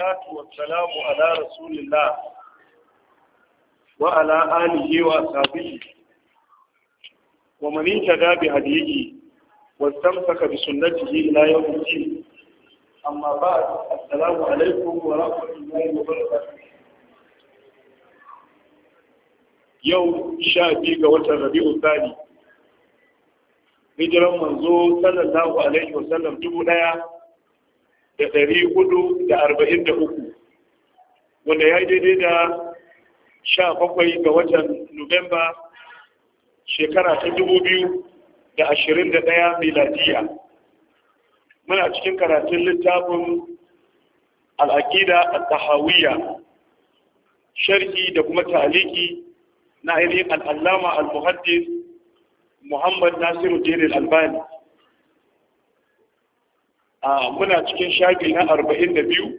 salatu wa salamu ala rasulillah wa ala alihi wa ashabihi wa man ittaba bi hadihi wa istamsaka bi sunnatihi ila yawm al-din amma ba'd assalamu alaikum wa rahmatullahi wa barakatuh yau sha biyu ga watan rabi'u tsari hijiran manzo sallallahu alaihi wasallam dubu daya da ɗari hudu da arba'in da uku wanda ya yi daidai da sha bakwai ga watan nuwamba shekara ta dubu biyu da ashirin da ɗaya miladiya muna cikin karatun littafin al'aƙida a tahawiyya sharhi da kuma taliki na ainihin al'allama al-muhaddis muhammad nasiru jirin albani a muna cikin shafi na arba'in da biyu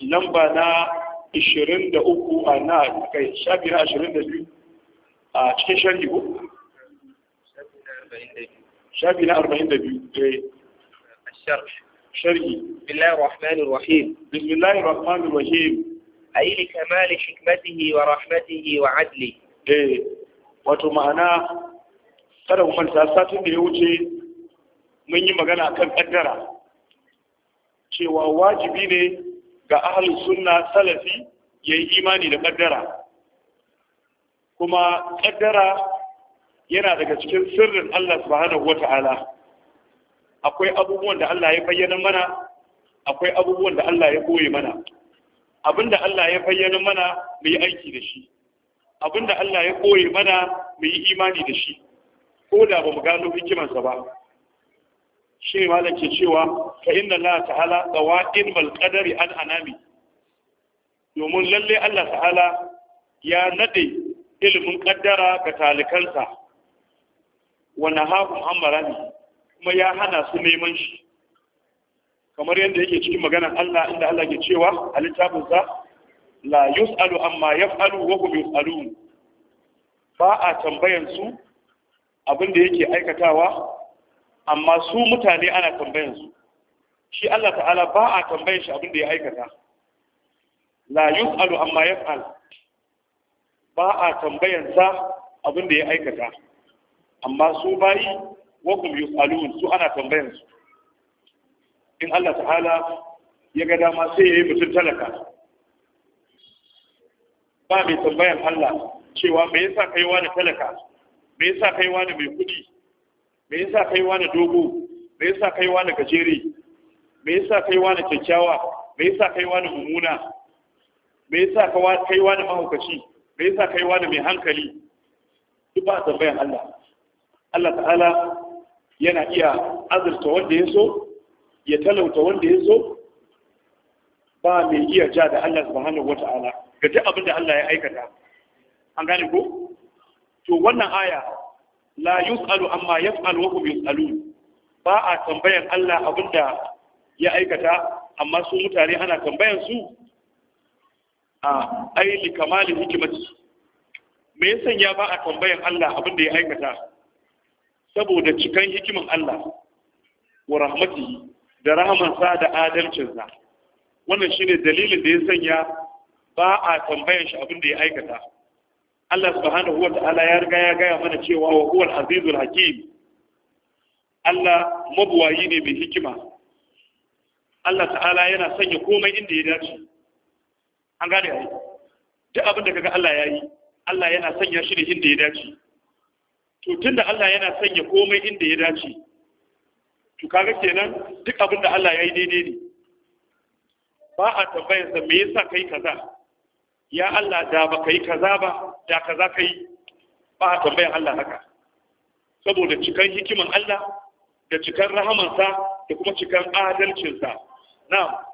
lamba na ishirin da uku a na kai shafi na ashirin da biyu a cikin sharhi ko shafi na arba'in da biyu eh. sharhi bismillahir rahmanir rahim bismillahir rahmanir rahim أي wa حكمته wa وعدله. Eh, wato ma'ana kada ku satin da ya wuce mun yi magana kan kaddara cewa wajibi ne ga ahlus sunna salafi yayi imani da kaddara kuma kaddara yana daga cikin sirrin Allah subhanahu wata'ala akwai abubuwan da Allah ya bayyana mana akwai abubuwan da Allah ya boye mana abinda Allah ya bayyana mana mu yi aiki da shi abinda Allah ya koye mana mu yi imani da shi ko da ba mu gano hikimarsa ba shi ne ke cewa fa inna Allah ta'ala qawadin bal qadari an anami domin lalle Allah ta'ala ya nade ilimin ƙaddara ga talikansa wa nahahu amarani kuma ya hana su neman shi kamar yadda yake cikin magana Allah inda Allah ke cewa a littafinsa la yus'alu amma yaf'alu wa hum yus'alun ba a tambayan su abinda da yake aikatawa amma su mutane ana tambayan su shi Allah ta'ala ba a tambayan shi abinda ya aikata la yus'alu amma yaf'al ba a tambayan sa abinda ya aikata amma su bayi wa kum yus'alun su ana tambayan su in Allah ta'ala ya ga dama sai ya yi talaka ba mai tambayan Allah cewa me yasa kai wani talaka me yasa kai wani mai kuɗi me yasa kai wani dogo me yasa kai wani gajere me yasa kai wani kyakkyawa me yasa kai wani mummuna me yasa kai wani mahaukaci me yasa kai wani mai hankali duk ba tambayan Allah Allah ta'ala yana iya azurta wanda ya so ya talauta wanda ya so ba mai iya ja da Allah subhanahu wata'ala ga duk abin da Allah ya aikata an gane ko to wannan aya la yus'alu amma yas'alu wa hum yus'alun ba a tambayan Allah abinda ya aikata amma su mutane ana tambayan su a aili kamalin hikimati me ya sanya ba a tambayan Allah abinda ya aikata saboda cikan hikimin Allah wa rahmatihi da rahamansa da adalcinsa wannan shine dalilin da ya sanya ba a tambayan shi abinda ya aikata Allah subhanahu wa ta'ala ya riga ya gaya mana cewa wa huwal azizul hakim Allah mabuwayi ne mai hikima Allah ta'ala yana sanya komai inda ya dace an gane ai duk abin da kaga Allah ya yi Allah yana sanya shi ne inda ya dace to tunda Allah yana sanya komai inda ya dace to kaga kenan duk abin da Allah ya yi daidai ne ba a sa me yasa kai kaza ya Allah da ba ka yi kaza ba da kaza ka yi ba a tambayin Allah haka saboda cikan hikiman Allah da cikan rahamansa da kuma cikan adalcinsa na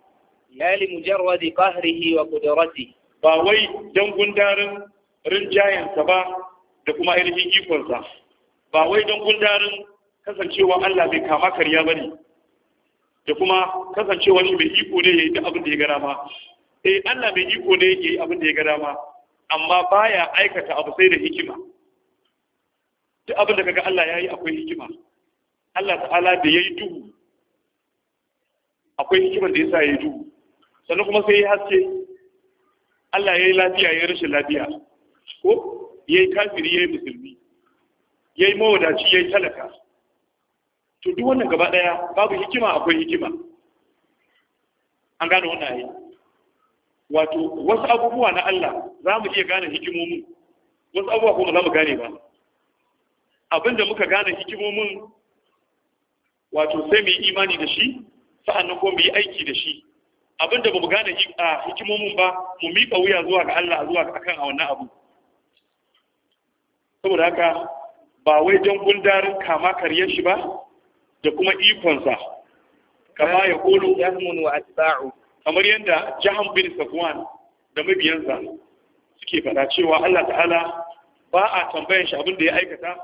la li mujarradi qahrihi wa qudratihi ba wai dan gundarin rinjayensa ba da kuma ainihin ikonsa ba wai dan gundarin kasancewa Allah bai kama kariya bane da kuma kasancewa shi bai iko ne yayi da abin da ya gara ba. eh Allah mai iko ne yake yi abin da ya ga dama amma baya aikata abu sai da hikima duk abin da kaga Allah yayi akwai hikima Allah ta'ala da yayi duhu akwai hikimar da yasa yayi duhu sannan kuma sai ya haske Allah yayi lafiya yayi rashin lafiya ko yayi kafiri yayi musulmi yayi mawadaci yayi talaka to duk wannan gaba daya babu hikima akwai hikima an gane wannan ayi wato wasu abubuwa na Allah za mu iya gane hikimomin wasu abubuwa kuma za mu gane ba abinda muka gane hikimomin wato sai mu yi imani da shi sa'annan ko mu yi aiki da shi abinda ba mu gane hikimomin ba mu miƙa wuya zuwa ga Allah zuwa ga akan wannan abu saboda haka ba wai don gundarin kama karyar shi ba da kuma ikonsa kama ya kolo yasmun wa asba'u kamar yadda jahan bin safwan da mabiyansa suke fada cewa Allah ta'ala ba a tambayan shi abin ya aikata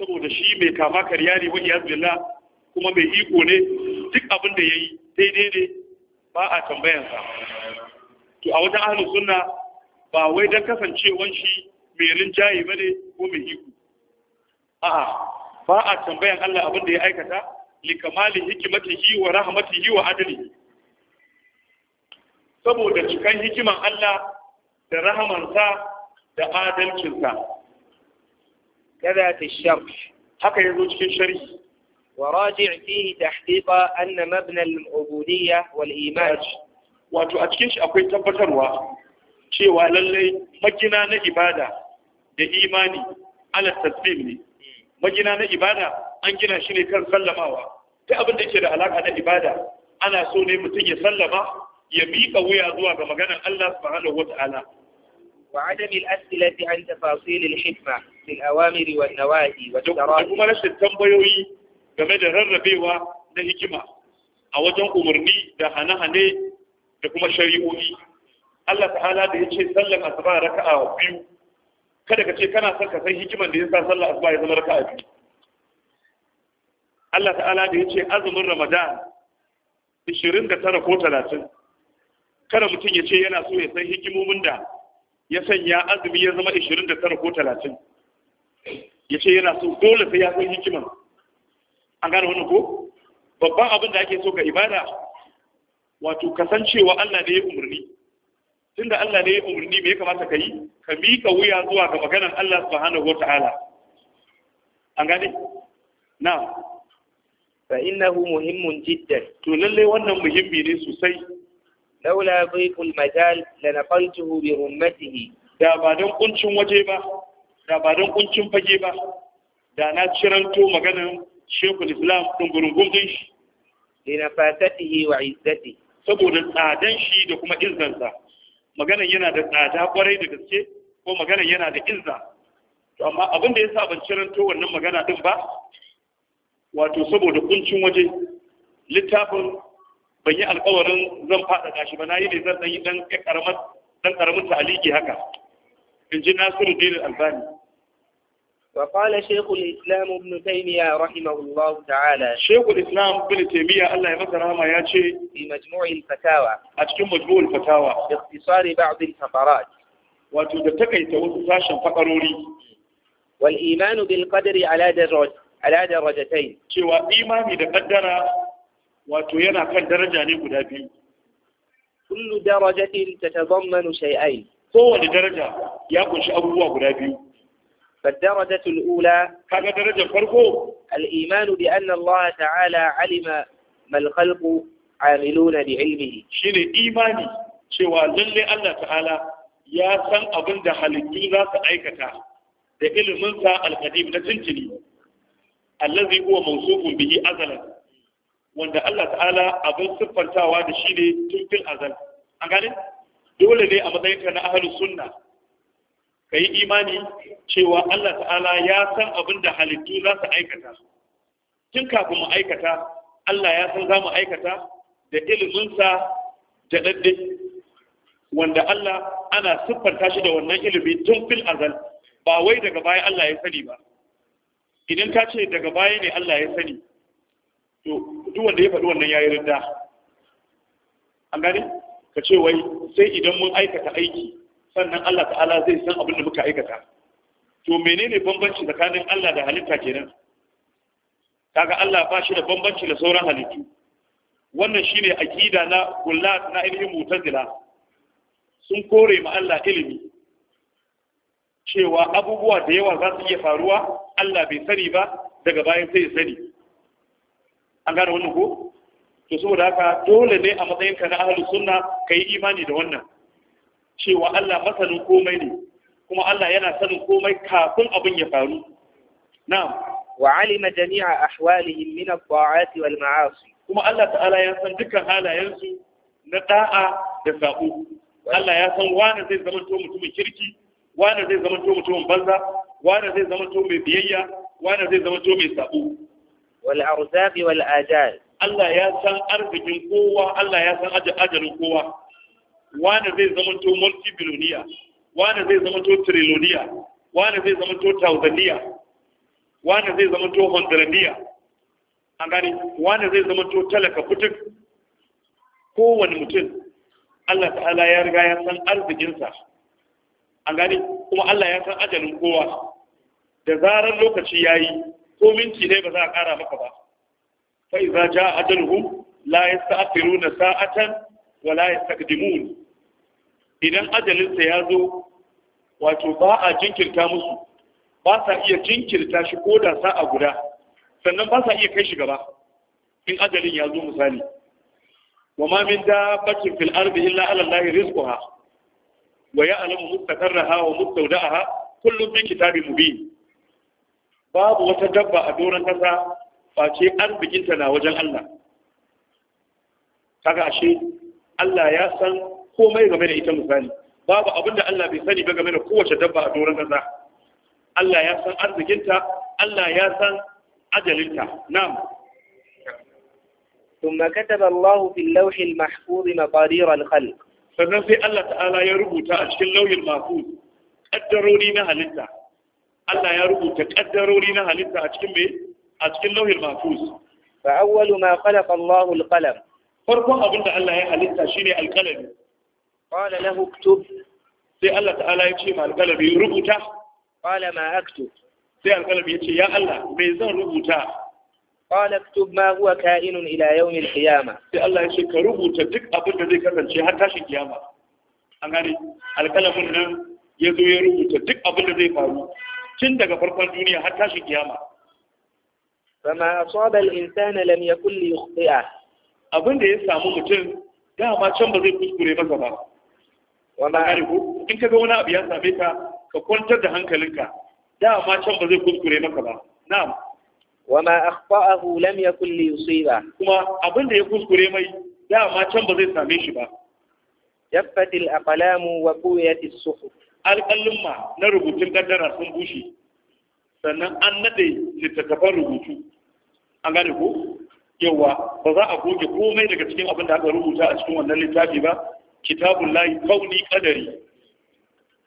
saboda shi mai kama karya ne wani kuma mai iko ne duk abinda da yi daidai ne ba a tambayan sa to a wajen ahalin sunna ba wai don kasancewan shi mai rinjaye ne ko mai iko a'a ba a tambayan Allah abin ya aikata likamali hikimatihi wa rahmatihi wa adalihi saboda cikan hikiman Allah da rahamansa da adalcinsa kada ta shafi. haka yazo cikin sharhi وراجع فيه تحقيق أن مبنى العبودية والإيمان wato a cikin shi akwai tabbatarwa cewa lallai magina na ibada da imani ala tasbih ne magina na ibada an gina shi ne kan sallamawa Ta abinda ke da alaka da ibada ana so ne mutum ya sallama ya miƙa wuya zuwa ga maganar Allah subhanahu wata'ala wa adami al-as'ilati an tafasil al-hikma fil awamir wa nawahi wa tarahi kuma rashin tambayoyi game da rarrabewa na hikima a wajen umarni da hane-hane da kuma shari'o'i Allah ta'ala da ya ce sallan asuba raka'a biyu kada ka ce kana son ka san hikiman da ya sa sallar asuba ya zama raka'a biyu Allah ta'ala da ya ce azumin Ramadan 29 ko 30 kada mutum ya ce yana so ya san hikimomin da ya sanya azumi ya zama 29 ko 30 ya ce yana so dole sai ya san hikiman an gane wani ko babban abin da ake so ga ibada wato kasancewa Allah ne ya umarni da Allah ne ya umarni me ya kamata ka yi ka miƙa wuya zuwa ga maganar Allah subhanahu ta'ala. an gane na fa innahu muhimmun jiddan to lalle wannan muhimmi ne sosai laula dhiqul majal lanaqaltuhu bi ummatihi da ba don kuncin waje ba da ba don kuncin fage ba da na ciranto maganan shekul islam dungurungun din shi linafatihi wa izzati saboda tsadan shi da kuma izzansa maganan yana da tsada kwarai da gaske ko maganan yana da izza to amma abin da yasa ban ciranto wannan magana din ba wato saboda kuncin waje littafin ban yi alkawarin zan faɗaɗa shi ba na yi ne zan ɗanyi ɗan ƙaramar ɗan ƙaramin ta'aliki haka in ji nasiru dinin albani وقال شيخ الإسلام ابن تيمية رحمه الله تعالى شيخ الإسلام ابن تيمية الله يغفر ما ياتي في مجموع الفتاوى أتكم مجموع الفتاوى باختصار بعض الفقرات وتدتكيت وتساشا فقروري والإيمان بالقدر على درجة على درجتين سوى إيماني بقدر wato yana kan daraja ne guda biyu kullu darajatin tatadammanu shay'ain kowane daraja ya kunshi abubuwa guda biyu فالدرجة الأولى هذا درجة فرقه الإيمان بأن الله تعالى علم ما الخلق عاملون بعلمه شيء إيماني cewa lalle Allah ta'ala ya san abin da halittu za su aikata da iliminsa alkadim na tuntuni allazi huwa mawsufun bihi azalan wanda Allah ta'ala abin siffantawa da shi ne tun fil azal an gane dole ne a matsayin ka na ahlus sunna ka yi imani cewa Allah ta'ala ya san abin da halittu za su aikata tun kafin mu aikata Allah ya san za mu aikata da iliminsa da ɗaɗɗe wanda Allah ana siffanta shi da wannan ilimi tun fil azal ba wai daga baya Allah ya sani ba idan ka ce daga baya ne Allah ya sani to duk wanda ya faɗi wannan yi ridda an gane ka ce wai sai idan mun aikata aiki sannan Allah ta'ala zai san abin da muka aikata to menene bambanci tsakanin Allah da halitta kenan kaga Allah ba shi da bambanci da sauran halittu wannan shine akida na kullat na ilmi mutazila sun kore ma Allah ilimi cewa abubuwa da yawa za su iya faruwa Allah bai sani ba daga bayan sai ya sani an gane wannan ko to saboda haka dole ne a matsayin ka na ahli sunna kai imani da wannan cewa Allah masanin komai ne kuma Allah yana sanin komai kafin abin ya faru na'am wa alima jami'a ahwalihim min at-ta'ati wal ma'asi kuma Allah ta'ala ya san dukkan halayen su na da'a da sa'u Allah ya san wani zai zama to mutumin kirki wani zai zama to mutumin banza wani zai zama to mai biyayya wani zai zama to mai sa'u wal arzaqi wal ajal Allah ya san arzikin kowa Allah ya san ajalin kowa wani zai zama to multi biloniya wani zai zama to triloniya wani zai zama to tausaniya wani zai zama to hundradiya an gani wani zai zama to talaka kutuk? kowane mutum Allah ta'ala ya riga ya san arzikinsa an gani kuma Allah ya san ajalin kowa da zarar lokaci ya yi ko minti ne ba za a ƙara maka ba fa idza jaa ajaluhum la yasta'khiruna sa'atan wa la yastaqdimun idan ajalin sa ya zo wato ba a jinkirta musu ba sa iya jinkirta shi ko da sa'a guda sannan ba sa iya kai shi gaba in ajalin ya zo misali wa ma min dabbatin fil ardi illa ala allahi rizquha wa ya'lamu mustaqarraha wa mustawda'aha kullun fi kitabin mubin babu wata dabba a doron kasa face an bikinta na wajen Allah kaga ashe Allah ya san komai game da ita misali babu abinda Allah bai sani ba game da kowace dabba a doron kasa Allah ya san arzikinta Allah ya san ajalinta na'am ثم كتب الله في اللوح المحفوظ مقادير الخلق sannan sai Allah ta'ala ya rubuta a cikin lauyin mahfuz kaddarori na halitta Allah ya rubuta kaddarori na halitta a cikin mai a cikin lauhin mafus fa awwalu ma khalaqa Allah al-qalam farkon abinda Allah ya halitta shine al-qalami qala lahu uktub sai Allah ta'ala ya ce ma al-qalami rubuta qala ma aktub sai al-qalami ya ce ya Allah me zan rubuta qala aktub ma huwa ka'inun ila yawm al-qiyamah sai Allah ya ce ka rubuta duk abin da zai kasance har tashin kiyama an gane al-qalamin nan ya zo ya rubuta duk abin da zai faru tun daga farkon duniya har tashin kiyama fama asaba al-insana lam yakul li yukhti'a abin da ya samu mutum dama can ba zai kuskure masa ba wala arifu in kaga wani abu ya same ka ka kwantar da hankalinka dama can ba zai kuskure maka ba na'am wama akhta'ahu lam yakul li yusiba kuma abin da ya kuskure mai dama can ba zai same shi ba jaffati al-aqlamu wa quwiyati as-suhuf alƙalumma na rubutun kaddara sun bushe sannan an naɗe littattafan rubutu an gane ko yawa ba za a goge komai daga cikin abin da aka rubuta a cikin wannan littafi ba kitabun layi kauni kadari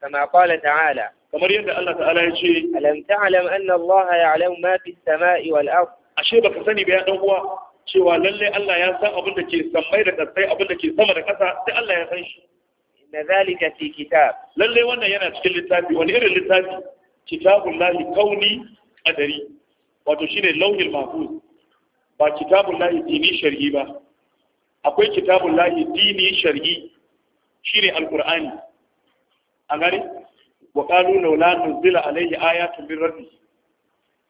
kama qala ta'ala kamar yadda Allah ta'ala ya ce alam ta'lam anna Allah ya'lamu ma fi samai wal ard ashe baka sani ba ya dan uwa cewa lalle Allah ya san abin da ke sammai da kasai abin da ke sama da kasa sai Allah ya san shi inna zalika fi kitab lalle wannan yana cikin littafi wani irin littafi kitabullahi kauni qadari wato shine lauhil mahfuz ba kitabullahi dini shar'i ba akwai kitabullahi dini shar'i shine alqur'ani an gane wa qalu laula nuzila alayhi ayatun min rabbi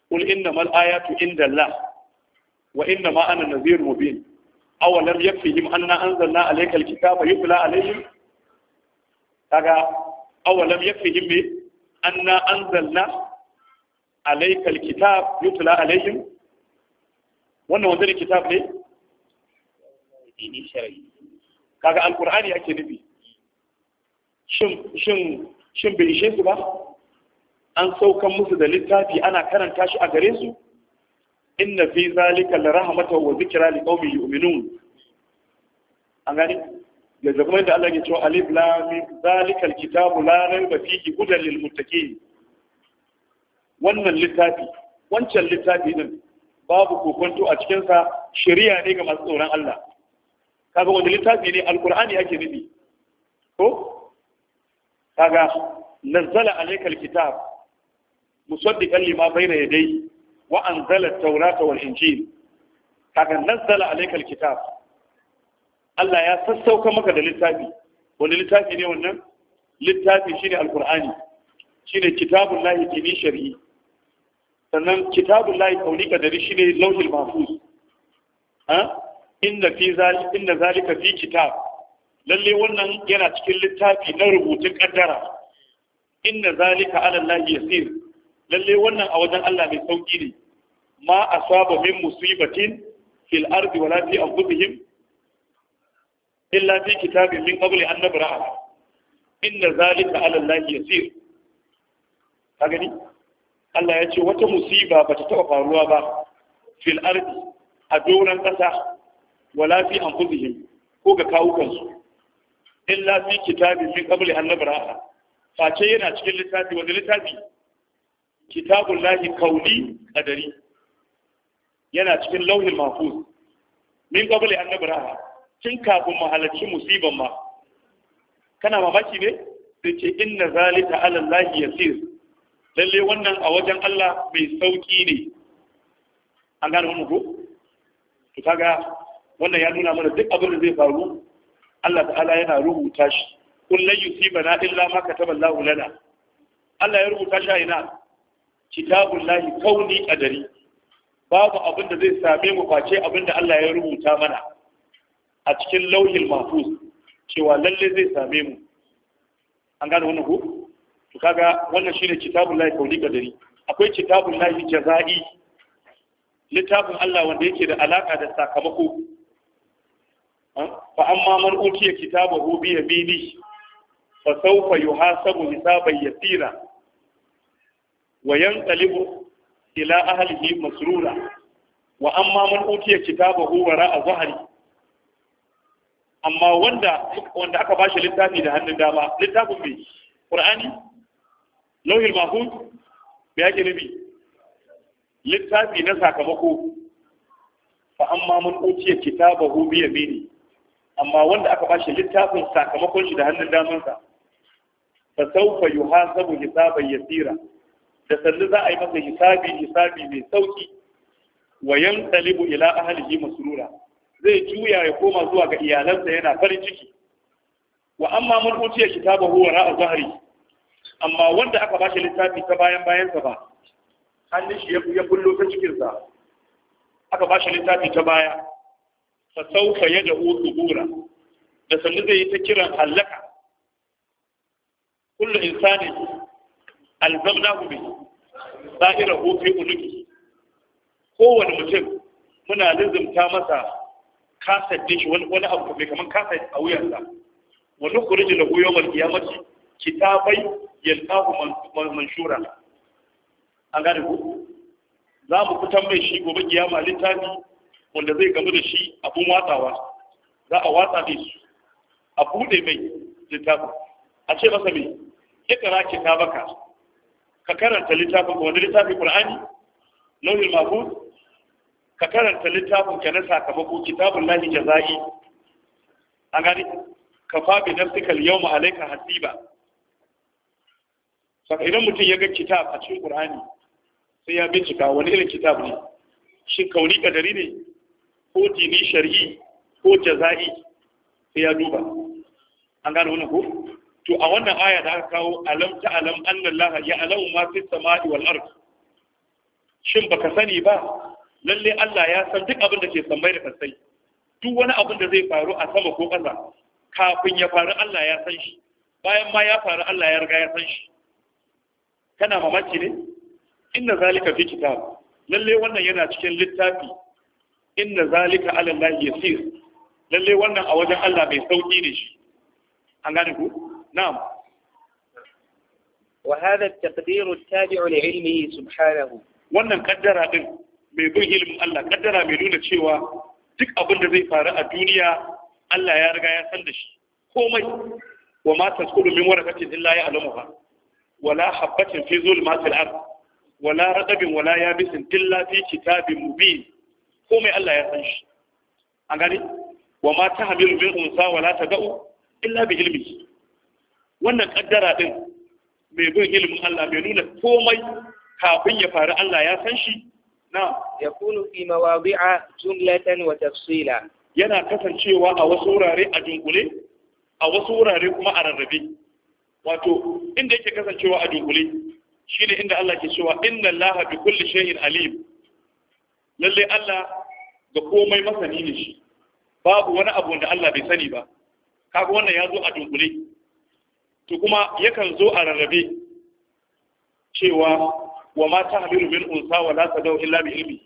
qul innamal ayatu indallah wa innama ana nadhirun mubin awalam yakfihim anna anzalna alayka alkitaba yutla alayhim kaga awalam yakfihim bi anna anzalna alayka alkitab yutla alayhim wannan wanda kitab ne dini shar'i kaga alqur'ani ake nufi shin shin shin bai ishe su ba an saukan musu da littafi ana karanta shi a gare su inna fi zalika la rahmatan wa zikra liqaumin yu'minun an gani da kuma da Allah ya ce alif lam mim zalikal kitabu la raiba fihi hudan lil muttaqin wannan littafi wancan littafi din babu kokonto a cikin sa shari'a ne ga masu tsoron Allah kaga wanda littafi ne alqur'ani ake nufi ko kaga nazzala alaykal kitab musaddiqan lima bayna yadayhi wa anzala at-taurata wal injil kaga nazzala alaykal kitab Allah ya sassauka maka da littafi wani littafi ne wannan littafi shine alqur'ani shine kitabun lahi dini shari'i sannan kitabun lahi kauni kadari shine lauhil mahfuz ha inna fi zalika inda zalika fi kitab lalle wannan yana cikin littafi na rubutun kaddara inna zalika ala allahi yasir lalle wannan a wajen Allah mai sauki ne ma asaba min musibatin fil ardi wala fi anfusihim illa fi kitabin min qabli an nabra'a inna zalika ala allahi yasir ka gani Allah ya ce wata musiba bata taba faruwa ba fil ardi a doran kasa wala fi anfusihim ko ga kawukansu illa fi kitabin min qabli an nabra'a face yana cikin littafi wanda littafi kitabun lahi kauli kadari yana cikin lauhin mafuz min qabli an nabra'a Kin kafin mu halarci musiban ma kana mamaki ne sai ce inna zalika ala Allah yasir lalle wannan a wajen Allah mai sauki ne an gane wannan ko to kaga wannan ya nuna mana duk abin da zai faru Allah ta'ala yana rubuta shi kun lan yusibana illa ma kataba Allah lana Allah ya rubuta shi a ina kitabul lahi kauni qadari babu abin da zai same mu face abin da Allah ya rubuta mana a cikin lauhin mafus, cewa lalle zai same mu an gane wannan ku? to kaga wannan shine layi lahi kauli kadari akwai layi lahi jaza'i littafin Allah wanda yake da alaka da sakamako fa amma man utiya kitabahu bi yamini fa sawfa yuhasabu hisaban yasira wa yanqalibu ila ahlihi masrura wa amma man utiya kitabahu wara'a zahri amma wanda wanda aka bashi littafi da hannun dama littafin mai qur'ani lauhil mahfuz bi yake nabi littafi na sakamako fa amma mun uciye kitabahu bi yamini amma wanda aka bashi littafin sakamakon shi da hannun damansa fa sawfa yuhasabu hisaban yasira da sanni za a yi masa hisabi hisabi mai sauki wa yanqalibu ila ahlihi masrura zai juya ya koma zuwa ga iyalansa yana farin ciki wa amma mun ya kitabahu huwa ra'a zahri amma wanda aka bashi littafi ta bayan bayan sa ba hannun shi ya bullo ta cikinsa aka bashi littafi ta baya fa sawfa yad'u subura da sanin zai yi ta kiran halaka kullu insani alzamnahu bi sa'irahu fi uluki kowane mutum muna lizumta masa kasar din shi wani abu mai kamar kasar a wuyansa wa nukhrij lahu yawm al-qiyamati kitabai yalqahu manshura an gane ku za mu fitan mai shi gobe kiyama littafi wanda zai gamu da shi abun watsawa za a watsa da shi a bude mai littafin a ce masa mai ikra kitabaka ka karanta littafin wani littafin qur'ani lawhil mahfuz ka karanta littafin ka na sakamako kitabun lahi jaza'i an gani ka fabi nafsikal yau ma'alaika hasiba saka idan mutum ya ga kitab a cikin qur'ani sai ya bincika wani irin kitab ne shin kauni kadari ne ko dini shari'i ko jaza'i sai ya duba an gano wani ko to a wannan aya da aka kawo alam ta alam annallaha ya alamu ma fi samai wal ard shin baka sani ba lalle Allah ya san duk abin da ke sammai da kasai duk wani abin da zai faru a sama ko ƙasa kafin ya faru Allah ya san shi bayan ma ya faru Allah ya riga ya san shi kana mamaki ne inna zalika fi kitab lalle wannan yana cikin littafi inna zalika ala Allah yasir lalle wannan a wajen Allah mai sauki ne shi an gane ku na'am وهذا التقدير التابع لعلمه سبحانه wannan kaddara din mai bin ilimin Allah kaddara mai nuna cewa duk abin da zai faru a duniya Allah ya riga ya san da shi komai wa ma tasqulu min waraqatin illa ya'lamuha wala habatin fi zulmatil ard wala raqabin wala yabisin illa fi kitabin mubin komai Allah ya san shi an gani wa ma tahmilu min unsa wala tad'u illa bi ilmihi wannan kaddara din mai bin ilimin Allah mai nuna komai kafin ya faru Allah ya san shi yakunu fi mawadi'a jumlatan wa tafsila yana kasancewa a wasu wurare a dunkule a wasu wurare kuma a rarrabe wato inda yake kasancewa a dunkule shine inda Allah ke cewa inna Allaha bi kulli shay'in alim lalle Allah ga komai masani ne shi babu wani abu da Allah bai sani ba kaga wannan ya zo a dunkule to kuma yakan zo a rarrabe cewa wa ma ta hamilu min unsa wa la tadau illa bi ilmi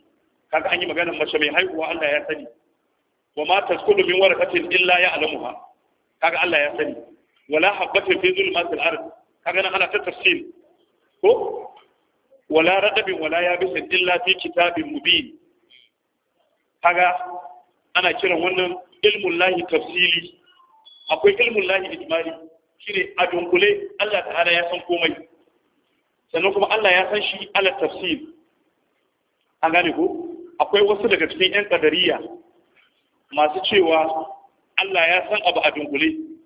kaga an yi maganar mace mai haihuwa Allah ya sani wa ma tasqutu min warakatin illa ya ya'lamuha kaga Allah ya sani wala habatin fi zulmatil ard kaga nan ana ta tafsir ko wala radabin wala yabisin illa fi kitabin mubin kaga ana kiran wannan ilmun lahi tafsili akwai ilmun lahi ijmali shine a dunkule Allah ta'ala ya san komai sannan kuma Allah ya san shi ala tafsir an gane ko akwai wasu daga cikin yan kadariya masu cewa Allah ya san abu a dunkule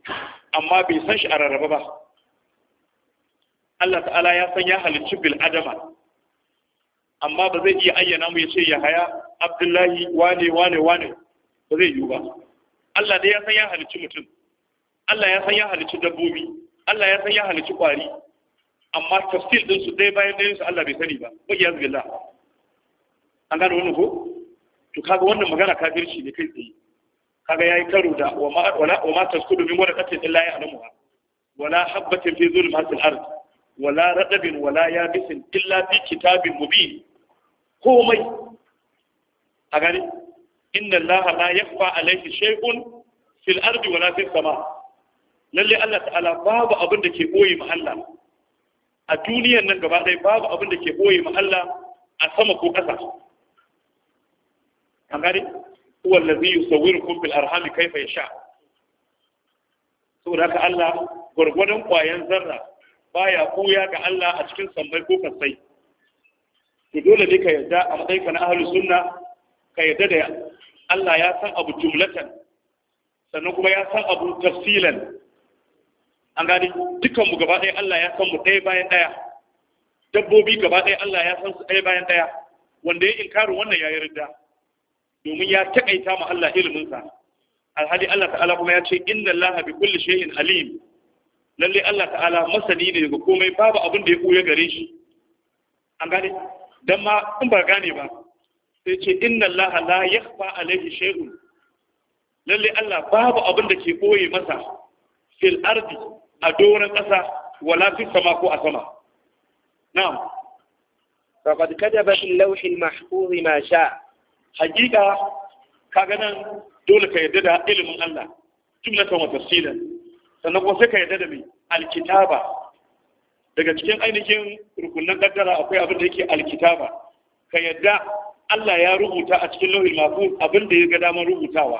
amma bai san shi a rarraba ba Allah ta'ala ya san ya halicci bil adama amma ba zai iya ayyana mu ya ce ya haya abdullahi wane wane wane ba zai yiwu ba Allah dai ya san ya halicci mutum Allah ya san ya halicci dabbobi Allah ya san ya halicci kwari amma tafsir din su dai bayan ɗayan su Allah bai sani ba wa iyaz billah an gano wannan ko to kaga wannan magana kafirci ne kai tsaye kaga yayi karo da wa ma wa ma taskudu min waraqatin illa ya'lamuha wala habatin fi zulmatil ard wala radabin wala yabisin illa fi kitabin mubin komai a gani inna allaha la yakfa alayhi shay'un fil ardi wala fis sama lalle Allah ta'ala babu abin da ke boye ma a duniyan nan gaba ɗaya babu abin da ke boye ma a sama ko ƙasa an gane huwa yi yusawwirukum kumfil arhami sha yasha saboda haka Allah gwargwadon ƙwayan zarra baya koya ga Allah a cikin sammai ko kasai to dole ne ka yarda a matsayin na ahlus sunna ka yarda da Allah ya san abu jumlatan sannan kuma ya san abu tafsilan an gane dukkan gaba ɗaya Allah ya san mu ɗaya bayan ɗaya dabbobi gaba ɗaya Allah ya san su ɗaya bayan ɗaya wanda ya inkarin wannan ya yi yarda domin ya takaita ma Allah iliminsa alhali Allah ta'ala kuma ya ce inna Allah bi kulli shay'in alim lalle Allah ta'ala masani ne ga komai babu abin da ya koya gare shi an gane dan ma in ba gane ba sai ce inna Allah la yakhfa alaihi shay'un lalle Allah babu abin da ke koye masa fil ardi a doron ƙasa wala fi sama ko a sama na'am faqad kadaba fil lawh al mahfuz ma sha hakika kaga nan dole ka yarda da ilimin Allah ta wa tafsilan sannan kuma sai ka yarda da mai alkitaba daga cikin ainihin rukunan kaddara akwai abin da yake alkitaba ka yarda Allah ya rubuta a cikin lauhin mahfuz abin da ya ga damar rubutawa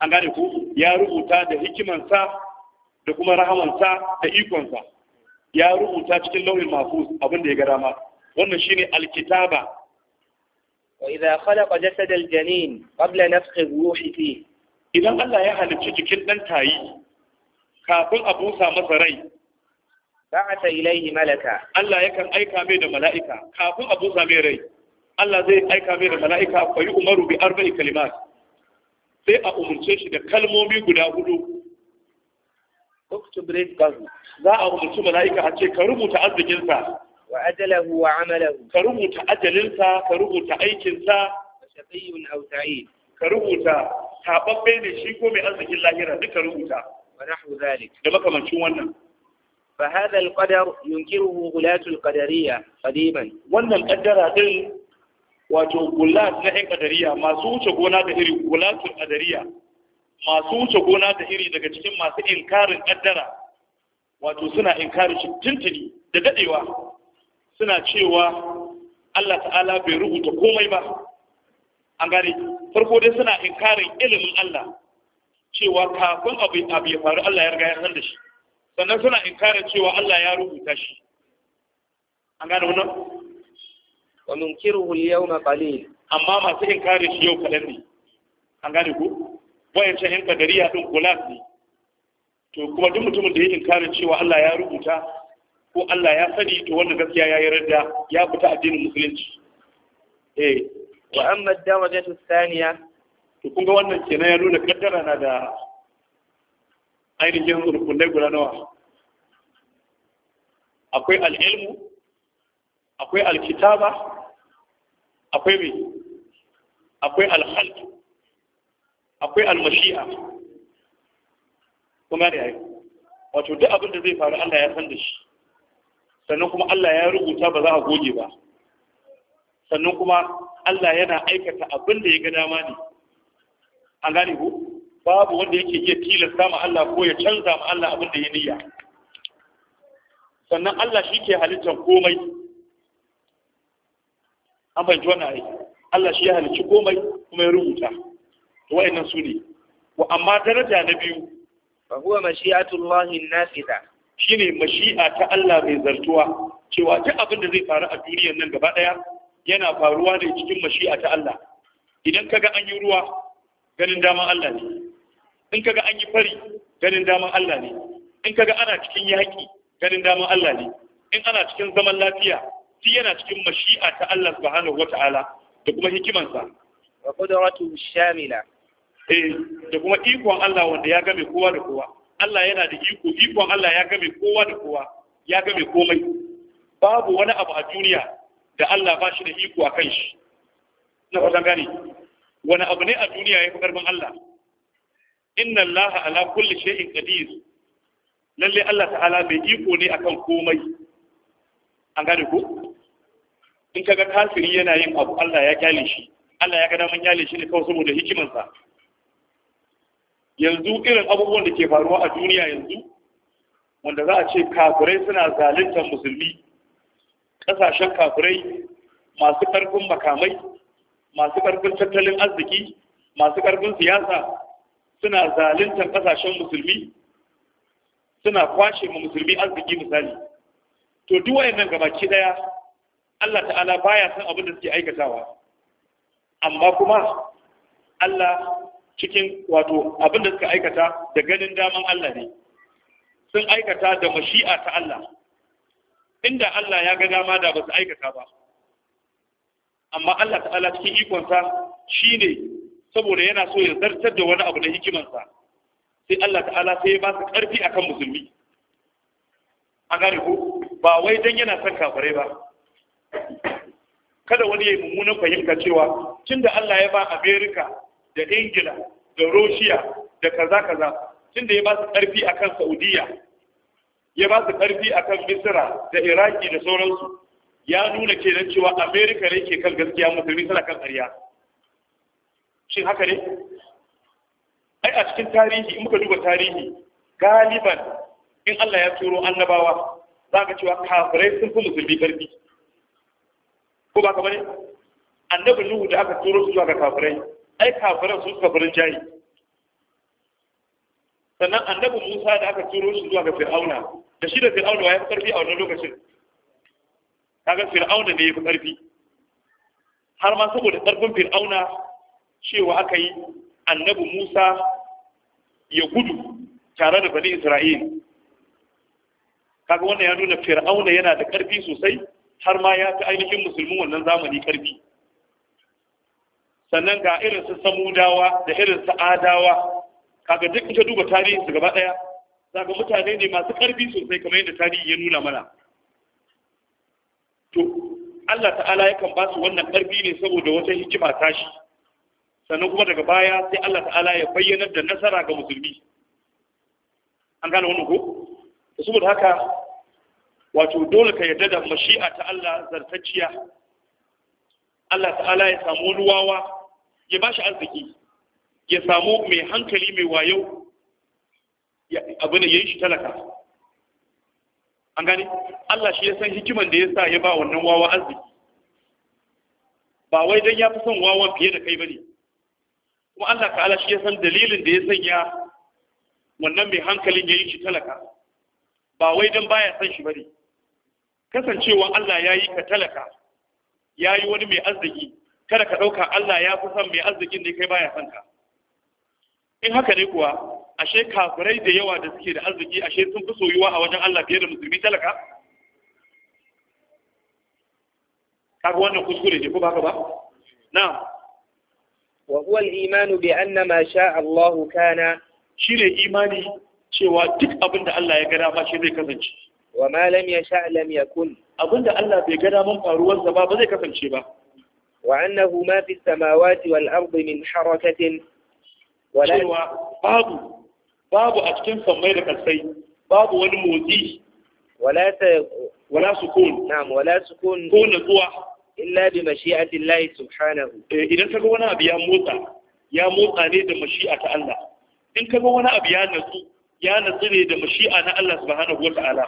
an gane ku ya rubuta da hikimansa da kuma rahamansa da ikonsa ya rubuta cikin lauyin mahfuz abin da ya ga dama wannan shine alkitaba wa idza khalaqa jasad aljanin qabla nafkhi ruhi fi idan Allah ya halicci cikin dan tayi kafin a busa masa rai ba'ata ilayhi malaka Allah yakan aika mai da mala'ika kafin a busa mai rai Allah zai aika mai da mala'ika fa yi umaru bi arba'i sai a umurce shi da kalmomi guda hudu اكتب رزقه za a umarci mala'ika a ce ka rubuta arzikinsa wa ajalahu wa amalahu ka rubuta ajalinsa ka rubuta aikinsa shaqiyun aw sa'id ka rubuta tababbe ne shi ko arzikin lahira duka rubuta wa nahwu da makamancin wannan fa hadha al-qadar yunkiruhu ghulatul qadariyya qadiman wannan qaddara din wato gulat na ƴan qadariya masu wuce gona da iri gulatul masu wuce gona da iri daga cikin masu inkarin kaddara wato suna inkari shi tuntuni da dadewa suna cewa Allah ta'ala bai rubuta komai ba an gane farko dai suna inkarin ilimin Allah cewa kafin abu ya faru Allah ya riga ya san da shi sannan suna inkarin cewa Allah ya rubuta shi an gane wannan wa munkiruhu al-yawma qalil amma masu inkari shi yau kadan ne an gane ko wayancan yan kadariya din ɗin ne to kuma duk mutumin da ya inkarin cewa Allah ya rubuta ko Allah ya sani to wannan gaskiya ya yi radda ya fita addinin musulunci eh wa amma darajatu thaniya to kun ga wannan kenan ya nuna kaddara na da ainihin rukunai guda nawa akwai al'ilmu akwai alkitaba akwai mai akwai alhalki akwai almashi'a kuma da yayi wato duk abin da zai faru Allah ya san da shi sannan kuma Allah ya rubuta ba za a goge ba sannan kuma Allah yana aikata abin da ya ga dama ne an gane ko, babu wanda yake iya tilasta ma Allah ko ya canza ma Allah abin da ya niyya sannan Allah shi ke halittar komai an fahimci wannan aiki Allah shi ya halicci komai kuma ya rubuta nan su ne wa amma daraja na biyu fa huwa lahi nafida shine mashi'a ta Allah mai zartuwa cewa duk abin da zai faru a duniyar nan gaba daya yana faruwa ne cikin mashi'a ta Allah idan kaga an yi ruwa ganin daman Allah ne in kaga an yi fari ganin daman Allah ne in kaga ana cikin yaƙi ganin daman Allah ne in ana cikin zaman lafiya shi yana cikin mashi'a ta Allah subhanahu wata'ala da kuma hikimansa wa qudratu shamila eh da kuma ikon Allah wanda ya game kowa da kowa Allah yana da iko ikon Allah ya game kowa da kowa ya game komai babu wani abu a duniya da Allah ba shi da iko a kan shi na fatan gane wani abu ne a duniya ya fi karfin Allah inna Allah ala kulli shay'in qadir lalle Allah ta'ala mai iko ne akan komai an gane ko in kaga kafiri yana yin abu Allah ya kyale shi Allah ya ga daman kyale shi ne kawai saboda hikimansa yanzu irin abubuwan da ke faruwa a duniya yanzu wanda za a ce kafirai suna zaluntar musulmi ƙasashen kafirai masu ƙarfin makamai masu ƙarfin tattalin arziki masu ƙarfin siyasa suna zaluntar ƙasashen musulmi suna kwashe ma musulmi arziki misali to duk wayannan gabaki ɗaya, Allah ta'ala baya san abin da suke aikatawa amma kuma Allah cikin wato abin da suka aikata da ganin daman Allah ne sun aikata da mashi'a ta Allah inda Allah ya ga dama da ba su aikata ba amma Allah ta'ala cikin ikonsa shi ne saboda yana so ya zartar da wani abu na hikimansa sai Allah ta'ala sai ya ba su ƙarfi akan musulmi a gane ko ba wai dan yana son kafirai ba kada wani ya yi mummunan fahimta cewa da Allah ya ba Amerika da ingila da roshiya da kaza kaza tunda ya ba su karfi kan saudiya ya ba su karfi kan misira da iraki da sauransu ya nuna kenan cewa amerika ne ke kan gaskiya musulmi suna kan ƙarya shin haka ne ai a cikin tarihi in muka duba tarihi galiban in Allah ya turo annabawa za ka cewa kafirai sun fi musulmi karfi ko ba ka bane annabi nuhu da aka turo su zuwa ga kafirai ai kafiran su suka jayi sannan annabi Musa da aka turo shi zuwa ga Fir'auna da shi da Fir'auna ya fi karfi a wannan lokacin kaga Fir'auna ne ya fi karfi har ma saboda karfin Fir'auna cewa aka yi annabi Musa ya gudu tare da bani Isra'il kaga wannan ya nuna Fir'auna yana da karfi sosai har ma ya fi ainihin musulmin wannan zamani karfi sannan ga irin su samudawa da irin su adawa kaga duk ita duba tarihi su gaba daya zaka mutane ne masu karfi sosai kamar yadda tarihi ya nuna mana to Allah ta'ala yakan ba su wannan karfi ne saboda wata hikima tashi sannan kuma daga baya sai Allah ta'ala ya bayyanar da nasara ga musulmi an gane wannan ko saboda haka wato dole ka yarda da mashi'a ta Allah zartacciya Allah ta'ala ya samu ruwawa ya ba shi arziki ya samu mai hankali mai wayo abin ya yi shi talaka an gani Allah shi ya san hikiman da ya sa ya ba wannan wawa arziki ba wai don ya fi son wawan fiye da kai ba ne kuma Allah ta'ala shi ya san dalilin da ya sanya wannan mai hankalin ya yi shi talaka ba wai don baya san shi ba ne kasancewa Allah ya yi ka talaka ya yi wani mai arziki kada ka ɗauka Allah ya fi son mai arzikin da kai baya son in haka ne kuwa ashe kafirai da yawa da suke da arziki ashe sun fi soyuwa a wajen Allah fiye da musulmi talaka kaga wannan kuskure ne ko baka ba Na. wa huwa al-iman bi anna ma sha'a Allah kana shine imani cewa duk abin da Allah ya ga dama shi zai kasance wa ma lam yasha lam yakun abin da Allah bai ga daman faruwar sa ba ba zai kasance ba وأنه ما في السماوات والأرض من حركة ولا باب باب أتكن سمير كالسي باب والموزي ولا ت... ولا سكون نعم ولا سكون كون قوة إلا بمشيئة الله سبحانه إذا تقول أنا أبي موسى يا موسى نيد مشيئة الله إن تقول أنا أبي نسو يا نسيني دا مشيئة الله سبحانه وتعالى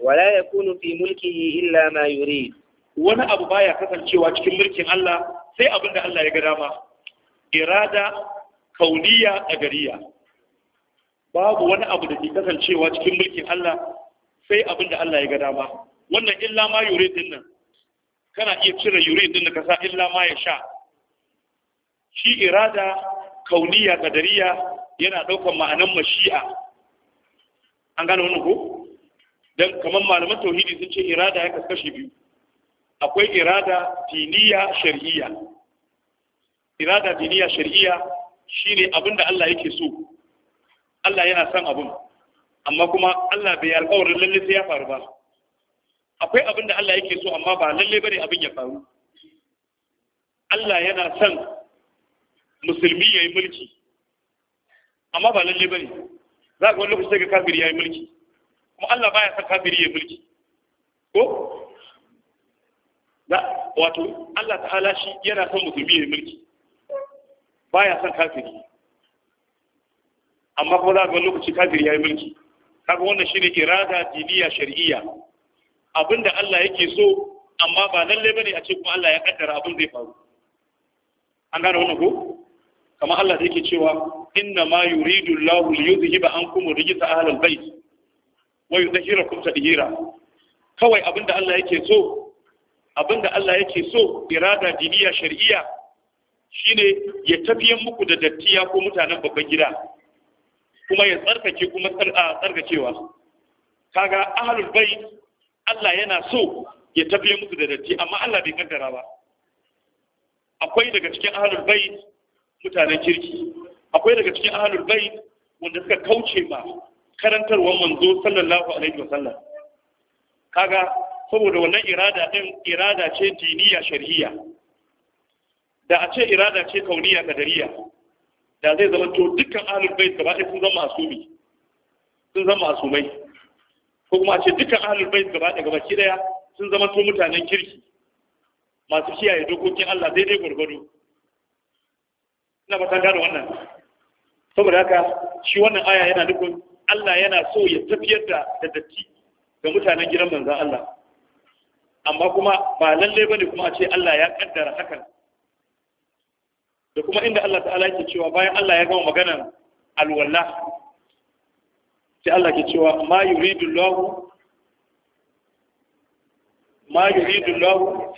ولا يكون في ملكه إلا ما يريد wani abu baya kasancewa cikin mulkin Allah sai abin da Allah ya ga dama irada kauniya gariya. babu wani abu da ke kasancewa cikin mulkin Allah sai abin da Allah ya ga dama wannan illa ma yure din nan kana iya cire yure din da ka sa illa ma ya sha shi irada kauniya qadariya yana daukan ma'anan mashi'a an gane wannan ko dan kamar malaman tauhidi sun ce irada ya kaskashi biyu akwai irada diniya shar'iyya irada diniya shar'iyya shine abin da Allah yake so Allah yana son abin amma kuma Allah bai alƙawarin lalle sai ya faru ba akwai abin da Allah yake so amma ba lalle bane abin ya faru Allah yana son musulmi yayi mulki amma ba lalle bane za ka wani lokaci sai ka kafiri yayi mulki kuma Allah baya son kafiri yayi mulki ko da wato Allah hala shi yana son musulmi ya mulki baya son kafiri amma kuma za ga lokaci kafiri ya yi mulki kaga wannan shine irada diniya shar'iyya abinda Allah yake so amma ba lalle ne a ce kuma Allah ya kaddara abin zai faru an gane wannan ko kamar Allah da yake cewa inna ma yuridu Allah li yuzhiba ankum rijsa ahlal bait wa yudhhirakum tadhira kawai abinda Allah yake so abinda Allah yake so irada diniya shar'iyya shine ya tafiyan muku da dattiya ko mutanen babban gida kuma ya tsarkake kuma tsarkakewa kaga ahlul bait Allah yana so ya tafiyan muku da datti amma Allah bai kaddara ba akwai daga cikin ahlul bait mutanen kirki akwai daga cikin ahlul bait wanda suka kauce ma karantarwar manzo sallallahu alaihi wasallam kaga saboda wannan irada din irada ce diniya shar'iyya da a ce irada ce kauniya kadariya da zai zama to dukkan ahlul bait gaba ɗaya sun zama asumi sun zama asumai ko kuma a ce dukkan ahlul bait gaba ɗaya gaba ki daya sun zama to mutanen kirki masu kiyaye dokokin Allah dai gwargwado ina ba ta gano wannan saboda haka shi wannan aya yana nufin Allah yana so ya tafiyar da datti ga mutanen gidan manzon Allah amma kuma ba lalle bane kuma a ce Allah ya kaddara hakan da kuma inda Allah ta'ala yake cewa bayan Allah ya gama maganar alwala sai Allah ke cewa ma yuridu Allah ma yuridu Allah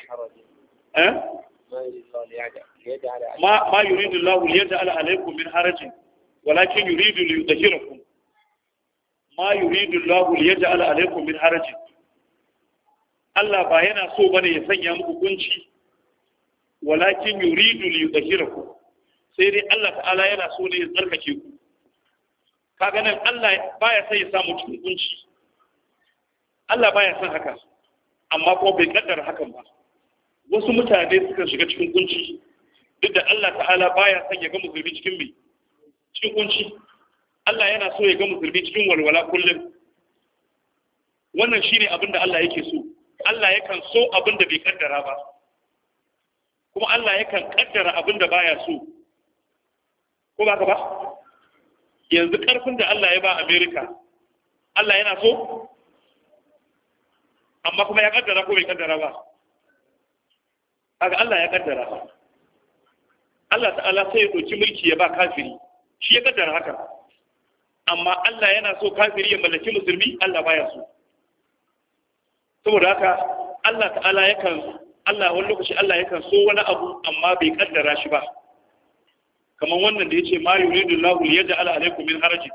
eh ma ma yuridu Allah liyaj'ala alaykum min harajin walakin yuridu liyudhhirakum ma yuridu Allah liyaj'ala alaykum min harajin Allah ba yana so bane ya sanya muku kunci walakin yuridu li yudhhirakum sai dai Allah ta'ala yana so ne ya tsarkake ku kaga nan Allah baya son ya samu cikin kunci Allah baya son haka amma ko bai kaddar hakan ba wasu mutane suka shiga cikin kunci duk da Allah ta'ala baya son ya ga musulmi cikin mai cikin kunci Allah yana so ya ga musulmi cikin walwala kullum wannan shine abin da Allah yake so Allah yakan so abin da bai kaddara ba kuma Allah yakan kaddara abin da baya so ko ba ka ba yanzu ƙarfin da Allah ya ba Amerika, Allah yana so amma kuma ya kaddara ko bai kaddara ba Aga Allah ya kaddara Allah ta'ala sai ya doki mulki ya ba kafiri shi ya kaddara haka amma Allah yana so kafiri ya mallaki musulmi Allah baya so saboda haka Allah ta'ala yakan Allah wani lokaci Allah yakan so wani abu amma bai kaddara shi ba kamar wannan da yace ma yuridu Allahu liyaj'ala alaykum min haraji.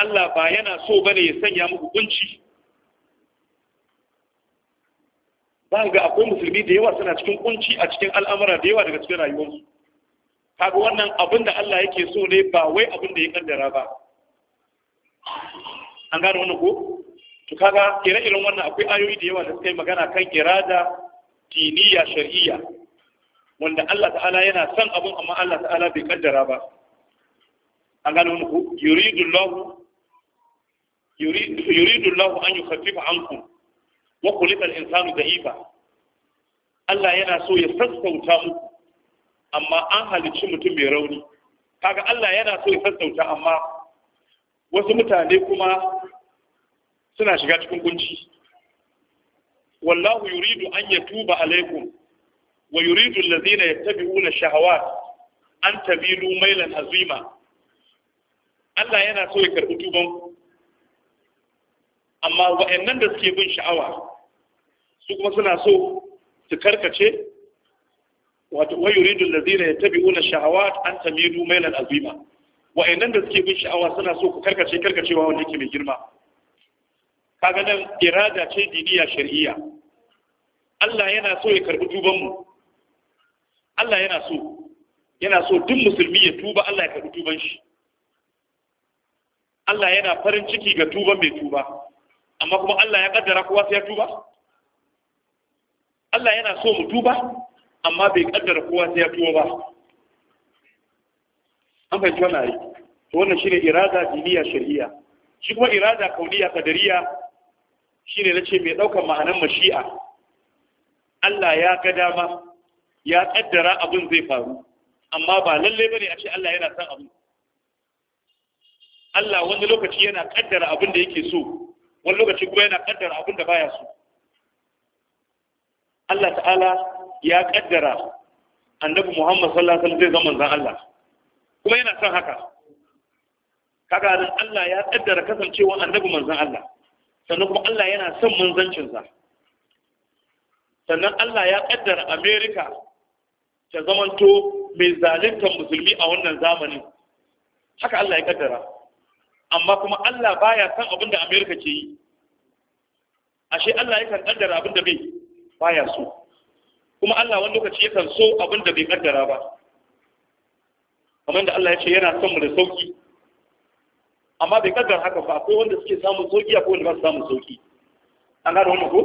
Allah ba yana so bane ya sanya muku kunci ba ga akwai musulmi da yawa suna cikin kunci a cikin al'amura da yawa daga cikin rayuwarsu kaga wannan abin da Allah yake so ne ba wai abin da ya kaddara ba an gane wannan ko to kaga kira irin wannan akwai ayoyi da yawa da suka yi magana kan irada diniya shar'iyya wanda Allah ta'ala yana son abun amma Allah ta'ala bai kaddara ba an gano wani ku yuridu Allah yuridu Allah an yukhaffifa ankum wa khuliqa al-insanu da'ifa Allah yana so ya sassauta muku amma an halicci mutum mai rauni kaga Allah yana so ya sassauta amma wasu mutane kuma suna shiga cikin kunci wallahu yuridu an ya tuba alaikum wa yuridu allazina yattabi'una shahawat an tabilu mailan azima Allah yana so ya karbi tuban amma wa'annan da suke bin sha'awa su kuma suna so su karkace wato wa yuridu allazina yattabi'una shahawat an tamilu mailan azima wa'annan da suke bin sha'awa suna so ku karkace karkacewa wanda yake mai girma kaga nan irada ce diniya shar'iyya Allah yana so ya karbi tuban mu Allah yana so yana so duk musulmi ya tuba Allah ya karbi tuban shi Allah yana farin ciki ga tuban mai tuba amma kuma Allah ya kaddara kowa sai ya tuba Allah yana so mu tuba amma bai kaddara kowa sai ya tuba ba an fahimci wannan yi to wannan shine irada diniya shar'iyya shi kuma irada kauniya kadariya shi ne na ce mai ɗaukar ma'anar mashi'a Allah ya ga dama ya ƙaddara abin zai faru amma ba lalle ba ne a ce Allah yana son abin Allah wani lokaci yana ƙaddara abin da yake so wani lokaci kuma yana ƙaddara abin da baya so Allah ta'ala ya ƙaddara annabi Muhammad sallallahu alaihi wasallam zai zama manzon Allah kuma yana son haka kaga Allah ya ƙaddara kasancewa annabi manzon Allah sannan kuma Allah yana son manzancinsa sannan Allah ya ƙaddara Amerika ta zamanto mai zaluntar musulmi a wannan zamanin haka Allah ya ƙaddara amma kuma Allah baya son abin da Amerika ke yi ashe Allah yakan ƙaddara abin da bai baya so kuma Allah wani lokaci yakan so abin da bai ƙaddara ba kamar da Allah ya ce yana son mu da sauki amma bai kaddara haka ba akwai wanda suke samun sauki akwai wanda ba su samun sauki an gano wannan ko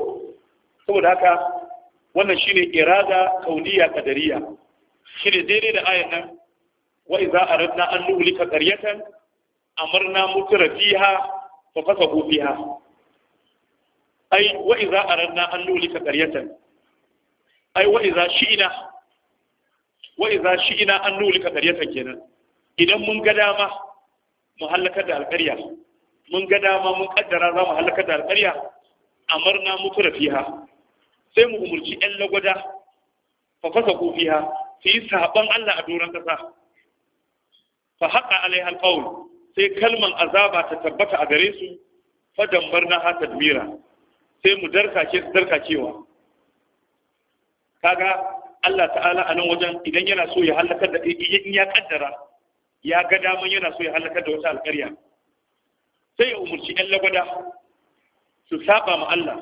saboda haka wannan shine irada kauniya kadariya shine daidai da ayan nan wa idza aradna an nuhlika qaryatan amarna mutra fiha fa fasabu fiha ai wa idza aradna an nuhlika qaryatan ai wa idza shi'na wa idza shi'na an nuhlika qaryatan kenan idan mun ga dama mu halakar da alƙarya mun ga dama mun kaddara za mu halakar da alƙarya amarna da fiha sai mu umurci ƴan lagwada fa fasa ku fiha su yi saban Allah a doron ƙasa fa haƙa alaiha alqawl sai kalman azaba ta tabbata a gare su fa dambarna ha sai mu darkace su darkacewa kaga Allah ta'ala a nan wajen idan yana so ya halakar da in ya kaddara ya ga daman yana so ya halakar da wata alƙarya sai ya umarci 'yan lagwada su saba ma Allah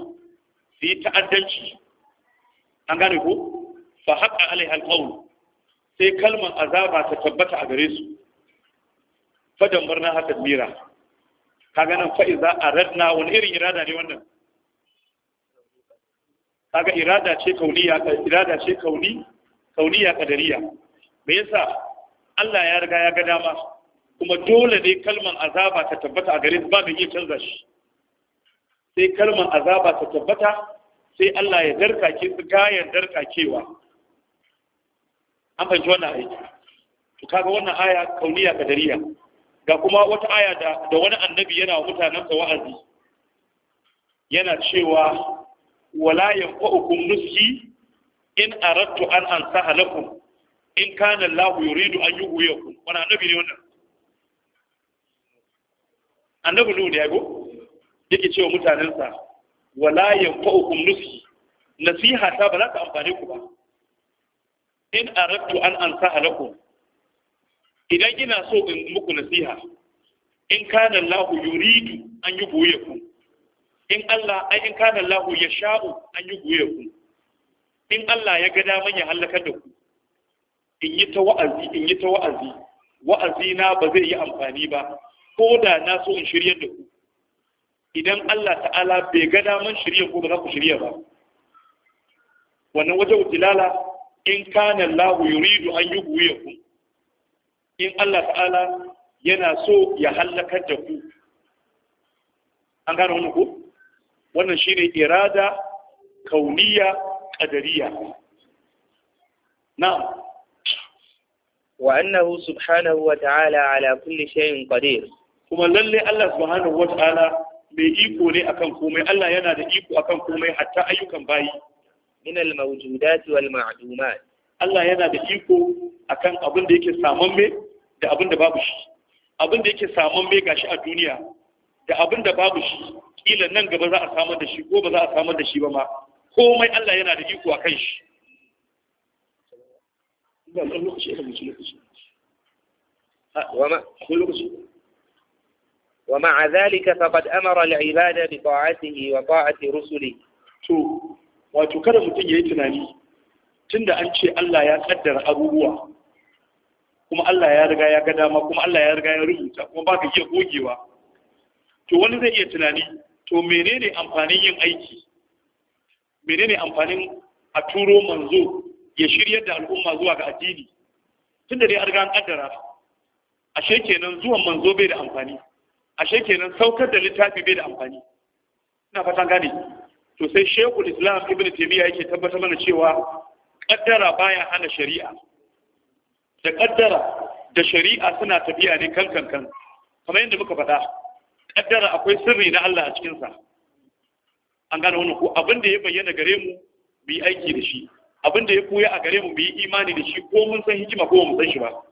su yi ta'addanci an gane ko fa haƙa alai alƙawun sai kalmar azaba ta tabbata a gare su fadan barna haka mira kaga nan fa iza aradna wani irin irada ne wannan kaga irada ce kauniya irada ce kauni kauniya kadariya me yasa Allah ya riga ya ga dama kuma dole ne kalman azaba ta tabbata a gare ba mai iya canza shi sai kalman azaba ta tabbata sai Allah ya darka darkake su darka kewa. an fahimci wannan aiki to kaga wannan aya kauniya kadariya ga kuma wata aya da da wani annabi yana wa sa wa'azi yana cewa wala yanfa'ukum nuski in aradtu an ansaha lakum in kana Allah ridu an yi ku. wani annabi ne wannan annabi ne ya go yake cewa mutanensa wala ya fa'ukum nusi nasiha ta ba za ta amfane ku ba in aradtu an ansaha lakum idan ina so in muku nasiha in kana Allah yuridu an ku in Allah ai in kana Allah sha'u an yi ku. in Allah ya ga daman ya halaka da ku in yi ta wa'azi in yi ta wa'azi wa'azi na ba zai yi amfani ba ko da na so in shirya da ku idan Allah ta'ala bai ga daman shirya ko ba za ku shirya ba wannan waje wutilala in kana Allah yuridu an yi ku? in Allah ta'ala yana so ya halakar da ku an gane wannan ku wannan shine irada kauniya qadariya na'am wa annahu subhanahu wa ta'ala ala kulli shay'in qadir kuma lalle Allah subhanahu wa mai iko ne akan komai Allah yana da iko akan komai hatta ayyukan bayi min al mawjudat wal ma'dumat Allah yana da iko akan abin da yake me da abin da babu shi abin da yake me gashi a duniya da abin da babu shi kila nan gaba za a samar da shi ko ba za a samar da shi ba ma komai Allah yana da iko akan shi ina kan lokaci ina bincin lokaci كل lokaci ومع ذلك فقد أمر العباد بطاعته وطاعة رسله to wato kada mutum ya yi tunani tunda an ce Allah ya kaddara abubuwa kuma Allah ya riga ya ga dama kuma Allah ya riga ya rubuta kuma baka iya gogewa to wani zai iya tunani to menene amfanin yin aiki menene amfanin a turo manzo ya shiryar da al'umma zuwa ga addini tun da dai an riga an kaddara ashe kenan zuwan manzo bai da amfani ashe kenan saukar da littafi bai da amfani ina fatan gane to sai shehu islam ibn taymiya yake tabbatar mana cewa kaddara baya hana shari'a da kaddara da shari'a suna tafiya ne kan kan kan kamar yadda muka faɗa kaddara akwai sirri na Allah a cikin sa an gane wannan ko abin da ya bayyana gare mu bi aiki da shi abin da ya koya a gare mu mu yi imani da shi ko mun san hikima ko mun san shi ba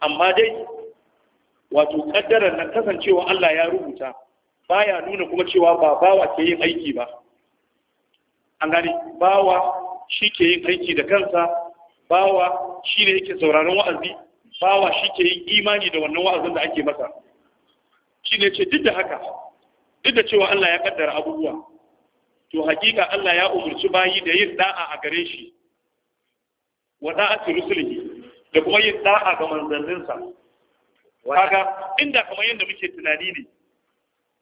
amma dai wato kaddara na kasancewa Allah ya rubuta baya nuna kuma cewa ba bawa ke yin aiki ba an gani bawa shi ke yin aiki da kansa bawa shi ne yake sauraron wa'azi bawa shi ke yin imani da wannan wa'azin da ake masa shi ne ce duk da haka duk da cewa Allah ya kaddara abubuwa to hakika Allah ya umurci bayi da yin da'a a gare shi wa da'atu rusulihi da kuma yin da'a ga manzanninsa kaga inda kamar yadda muke tunani ne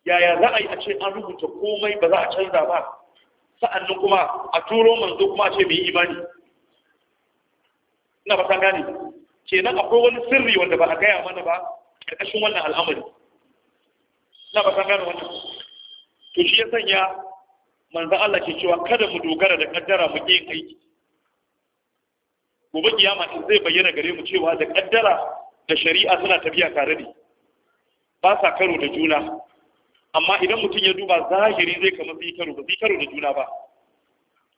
yaya za a yi a ce an rubuta komai ba za a canza ba sa'annan kuma a turo manzo kuma a ce bai imani ina ba san gane kenan akwai wani sirri wanda ba a gaya mana ba karkashin wannan al'amari ina ba san gane wannan to shi ya sanya manzan Allah ke cewa kada mu dogara da kaddara mu yin aiki gobe kiyama in zai bayyana gare mu cewa da kaddara da shari'a suna tafiya tare ne ba sa karo da juna amma idan mutum ya duba zahiri zai kama su karo ba karo da juna ba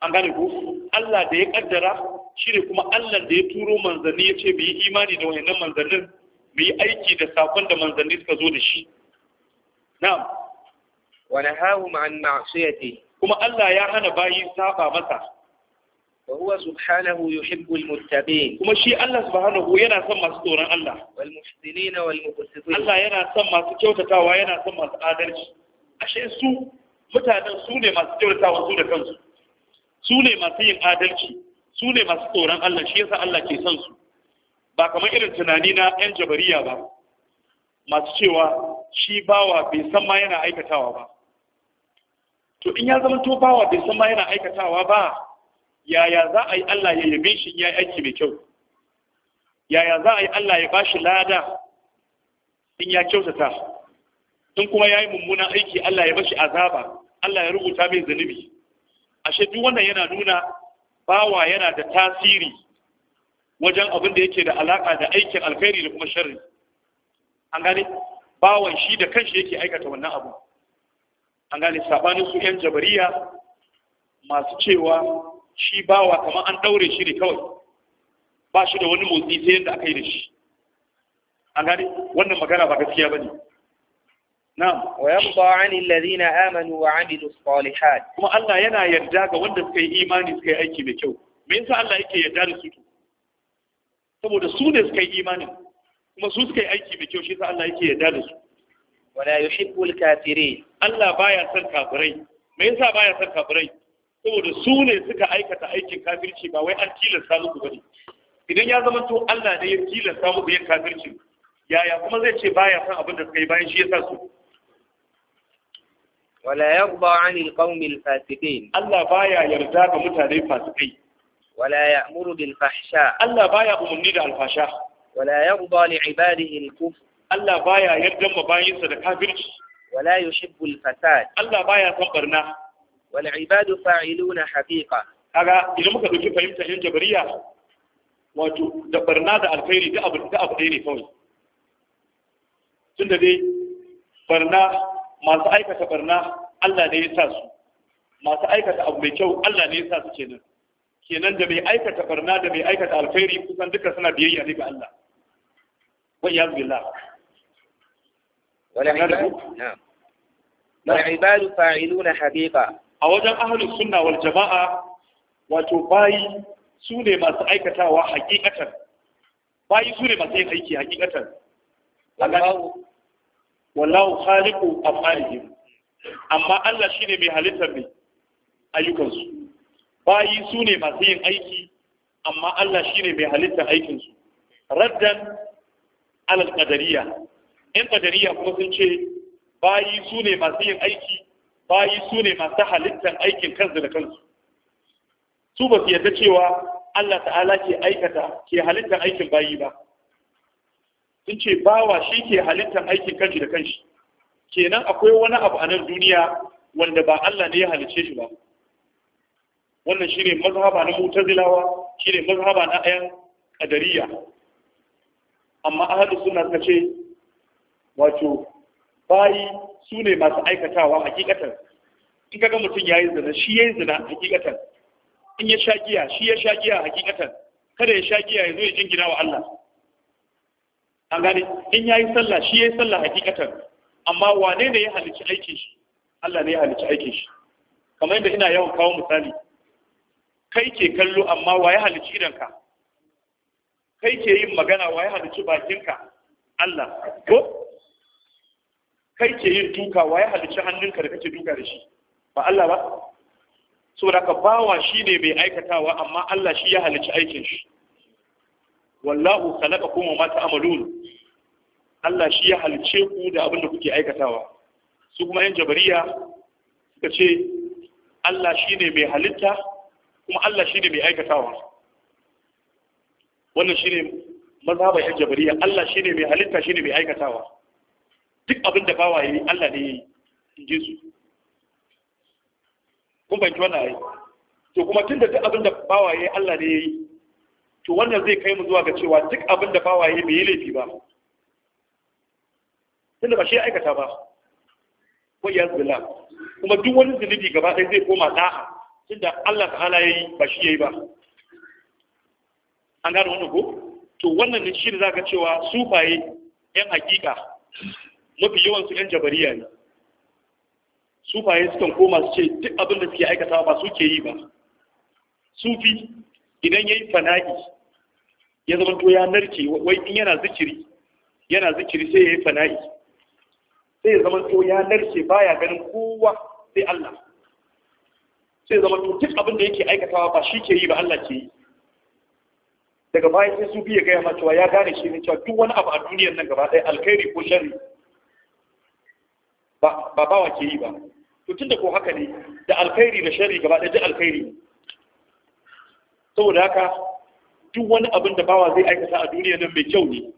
an gane ko Allah da ya kaddara shi ne kuma Allah da ya turo manzanni ya ce bai imani da wayannan manzannin bai aiki da sakon da manzanni suka zo da shi na'am wa nahahum an ma'siyati kuma Allah ya hana bayi saba masa wa huwa subhanahu yuhibbul muttaqin kuma shi Allah subhanahu yana son masu tsoron Allah wal muhsinin wal muqsitin Allah yana son masu kyautatawa yana son masu adalci ashe su mutanen ne masu kyautatawa su da kansu su ne masu yin adalci su ne masu tsoron Allah shi yasa Allah ke son su ba kamar irin tunani na yan jabariya ba masu cewa shi bawa bai san ma yana aikatawa ba to in ya zama to bawa bai san ma yana aikatawa ba yaya za a yi Allah ya yabe shi ya yi aiki mai kyau yaya za a yi Allah ya ba shi lada in ya kyautata in kuma ya yi mummunan aiki Allah ya bashi azaba Allah ya rubuta mai zunubi ashe duk wannan yana nuna bawa yana da tasiri wajen abin da yake da alaka da aikin alkhairi da kuma sharri an gane bawan shi da kanshi yake aikata wannan abu an gane sabanin su yan jabariya masu cewa shi bawa kamar an daure shi ne kawai ba shi da wani motsi sai yadda aka yi da shi an gane wannan magana ba gaskiya ba ne na'am wa yabqa 'anil ladina amanu wa 'amilus salihat kuma Allah yana yarda ga wanda suka yi imani suka yi aiki mai kyau me yasa Allah yake yarda da su saboda su ne suka yi imanin kuma su suka yi aiki mai kyau shi yasa Allah yake yarda da su wala yuhibbul kafirin Allah baya son kafirai me yasa baya son kafirai saboda su ne suka aikata aikin kafirci ba wai an tilasta muku bane idan ya zama to Allah ne ya tilasta muku yin kafirci yaya kuma zai ce baya son abin da suka yi bayan shi yasa su wala yarda anil qaumil fasiqin Allah baya yarda ga mutane fasikai wala ya'muru bil fahsha Allah baya umurni da alfasha wala yarda li ibadihi al kufr Allah baya yarda ma bayinsa da kafirci wala yushibbu al-fasad Allah baya son barna wal ibadu fa'iluna haqiqa kaga idan muka dauki fahimta yin jabariya wato da barna da alkhairi da abu da abu ɗaya ne kawai tunda dai barna masu aikata barna Allah ne ya sa su masu aikata abu mai kyau Allah ne ya sa su kenan kenan da mai aikata barna da mai aikata alkhairi kusan duka suna biyayya ne ga Allah wa iyyazu billah والعباد فاعلون حقيقة أولا أهل السنة والجماعة وتباي سوني ما سأيكتا وحقيقة باي سوني ما سأيكتا حقيقة والله خالق أفعالهم أما الله شيني بهالتا بي ayyukansu bayi su ne masu yin aiki amma Allah shi ne mai halittar aikinsu raddan alal qadariya yan ƙadariya kuma sun ce bayi su ne masu yin aiki bayi su ne masu halittar aikin kansu da kansu su ba su yarda cewa Allah ta'ala ke aikata ke halittar aikin bayi ba sun ce bawa shi ke halittar aikin kanshi da kanshi kenan akwai wani abu a nan duniya wanda ba Allah ne ya halice shi ba wannan shine mazhaba na mutazilawa shine mazhaba na ayan ƙadariya amma ahadu suna suka ce wato bayi su ne masu aikatawa hakikatan in kaga mutum ya yi zina shi ya yi zina hakikatan in ya sha giya shi ya sha giya hakikatan kada ya sha giya ya zo ya jingina wa Allah an gane in ya yi sallah shi ya yi sallah hakikatan amma wane ne ya halicci aikin shi Allah ne ya halicci aikin shi kamar yadda ina yawan kawo misali kai ke kallo amma wa ya halicci idanka kai ke yin magana wa ya halicci bakinka Allah ko kai ke yin duka wa ya halicci hannunka da kake duka da shi ba Allah ba saboda ka bawa shine mai aikatawa amma Allah shi ya halicci aikin shi wallahu khalaqakum wa ma ta'malun Allah shi ya halicce ku da abin da kuke aikatawa su kuma yan jabariya suka ce Allah shine mai halitta kuma Allah shine mai aikatawa wannan shine mazhaban yan jabariya Allah shine mai halitta shine mai aikatawa duk abin da bawa yi Allah ne yi in ji su Kuma in banki wannan ayi to kuma tun da duk abin da bawa yi Allah ne yi to wannan zai kai mu zuwa ga cewa duk abin da bawa yi bai yi laifi ba tun da ba shi ya aikata ba ko ya zula kuma duk wani zunubi gaba ɗaya zai koma tun da Allah ta'ala yi ba shi ya yi ba an gane wannan ko to wannan ne shi ne ka cewa sufaye yan hakika mafi yawan su yan jabariya ne sufaye sukan koma su ce duk abin da suke aikata ba su ke yi ba sufi idan ya yi fana'i ya zama to ya narke wai in yana zikiri yana zikiri sai ya yi fana'i sai ya zama to ya narke baya ganin kowa sai Allah sai zama to duk abin da yake aikatawa ba shi ke yi ba Allah ke yi daga bayan sai su biya gaya ma cewa ya gane shi ne cewa duk wani abu a duniyar nan gaba ɗaya alkhairi ko sharri ba bawa ke yi ba to tunda ko haka ne da alkhairi da shari gaba ɗaya duk alkhairi saboda haka duk wani abin da bawa zai aikata a duniya nan mai kyau ne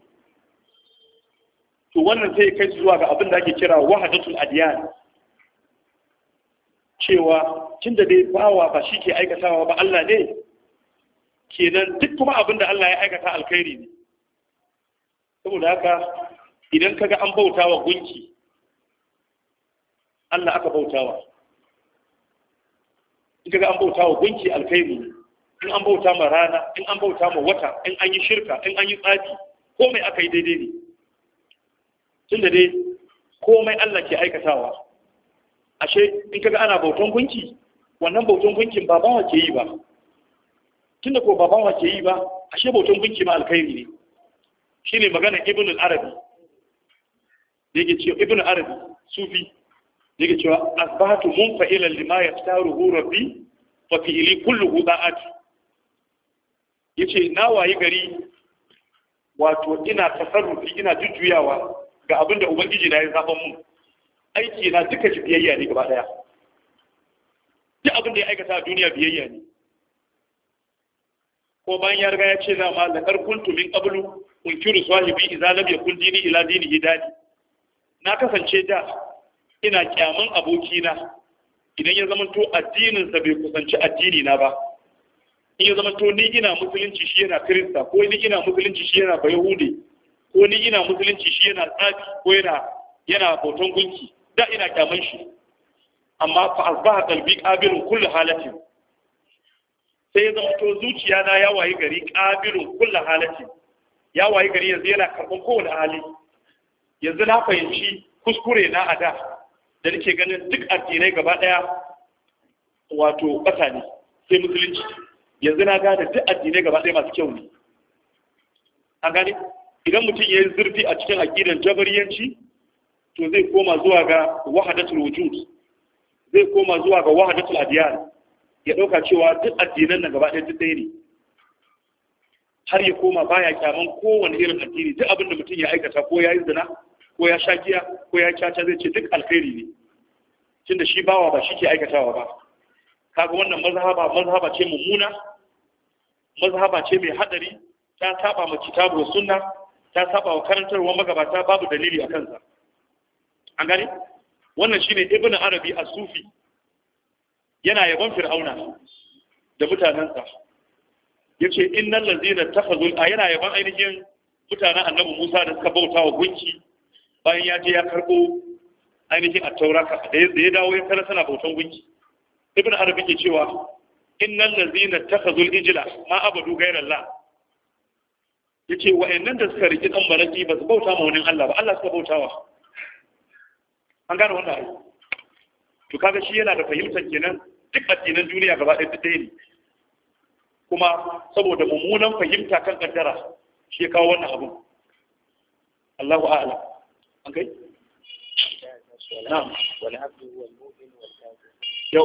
to wannan sai kai zuwa ga abin da ake kira wahadatul adiyan cewa tunda dai bawa ba shi ke aikatawa ba Allah ne kenan duk kuma abin da Allah ya aikata alkhairi ne saboda haka idan kaga an bauta wa gunki Allah aka bautawa in kaga an bautawa gunki alkhairi in an bauta ma rana in an bauta ma wata in an yi shirka in an yi tsafi komai aka yi daidai ne tunda dai komai Allah ke aikatawa ashe in kaga ana bautan gunki wannan bautan gunkin ba ke yi ba tunda ko ba ke yi ba ashe bautan gunki ma alkhairi ne shine magana ibn al-arabi da yake cewa ibn arabi sufi yake cewa asbahatu ila lima hu rabbi fa fi'li kulluhu da'at yace na wayi gari wato ina tasarrufi ina jujjuyawa ga abin da ubangiji na ya zaban mu aiki na duka shi biyayya ne gaba daya duk abin da ya aikata a duniya biyayya ne ko bayan ya riga ya ce na ma lakar kuntu min qablu unkiru sahibi idza lam yakun dini ila dini hidani na kasance da ina kyaman abokina idan ya zama to addininsa bai kusanci addini na ba in ya to ni ina musulunci shi yana kirista ko ni ina musulunci shi yana bayahude ko ni ina musulunci shi yana tsafi ko yana yana bautan gunki da ina kyaman shi amma fa asbaha qalbi qabilun kulli halatin sai ya zama to zuciya na ya wayi gari qabilun kulli halatin ya wayi gari yanzu yana karban kowane hali yanzu na fahimci kuskure na a da da nake ganin duk addinai gaba ɗaya wato ƙasa ne sai musulunci yanzu na gane duk addinai gaba ɗaya masu kyau ne an gane idan mutum ya yi zurfi a cikin aƙidar jabariyanci to zai koma zuwa ga wahadatul wujud zai koma zuwa ga wahadatul adiyan ya ɗauka cewa duk addinan nan gaba ɗaya duk ɗaya ne har ya koma baya kyaman kowane irin addini duk abin da mutum ya aikata ko ya yi zina ko ya sha giya ko ya caca zai ce duk alkhairi ne tunda shi bawa ba shi ke aikatawa ba kaga wannan mazhaba mazhaba ce mummuna mazhaba ce mai hadari ta saba ma kitabu wa sunna ta saba wa karantarwa magabata babu dalili a kansa an gane wannan shine ibnu arabi as-sufi yana yaban fir'auna da mutanensa yace innal ladina takhadhu yana yaban ainihin mutanen annabi Musa da suka bauta wa gunki bayan ya je ya karɓo ainihin taura ka da ya dawo ya tara suna bautan gunki ibn harb ke cewa innal ladzina takhazul ijla ma abadu wa yace nan da suka riki dan baraki ba su bauta ma wani Allah ba Allah suka bautawa an gane wannan ai to kaga shi yana da fahimtar kenan duk addinan duniya gaba ɗaya ta ne kuma saboda mummunan fahimta kan kaddara shi ya kawo wannan abun Allahu a'lam أوكي؟ نعم والعبد هو المؤمن والكافر يو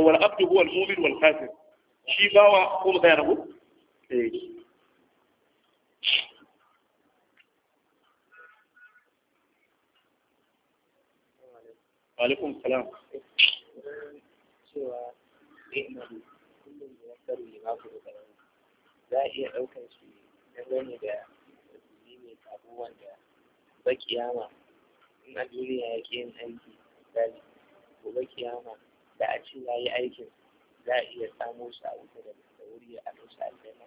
هو المؤمن والكافر شي باوا قوم خيره ايه وعليكم السلام سوى لا هي اوكي سوى لا هي اوكي سوى لا هي اوكي سوى in a duniya ya ke yin aiki misali gobe kiyama da a ce ya yi aikin za a iya samo su a wuta da wuri a nusa aljanna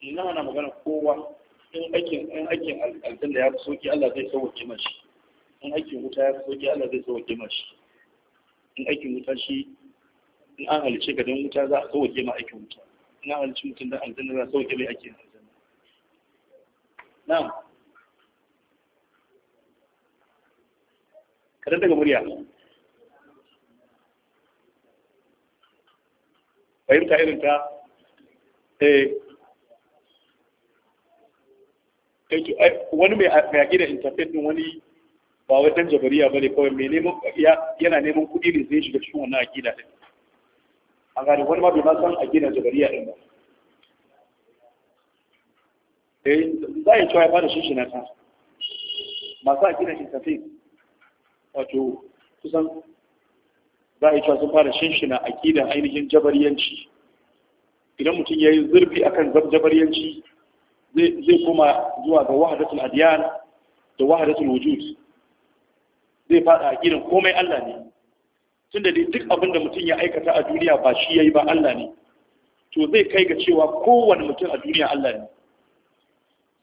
ina wana magana kowa in aikin in aikin aljanna ya fi soki Allah zai sauke mashi in aikin wuta ya fi soki Allah zai sauke mashi in aikin wuta shi in an halice ka don wuta za a sauke ma aikin wuta in an halice mutum don aljanna za a sauke mai aikin aljanna na'am ka daga murya fahimta irin ta eh wani mai yaƙi da interfaith ɗin wani ba wai dan jabariya ba ne kawai yana neman kuɗi ne zai shiga cikin wannan aƙida din an gane wani ma bai ma san aƙidan jabariya din ba eh za a yi cewa ya fara shi shi na ta masu aƙidan interfaith wato kusan za a yi sun fara shinshina ƙidan ainihin jabariyanci idan mutum ya yi zurfi akan jabariyanci zai koma zuwa ga wahadatul adiyan da wahadatul wujud zai fada aƙidan komai Allah ne tun da duk abin da mutum ya aikata a duniya ba shi ya yi ba Allah ne to zai kai ga cewa kowane mutum a duniya Allah ne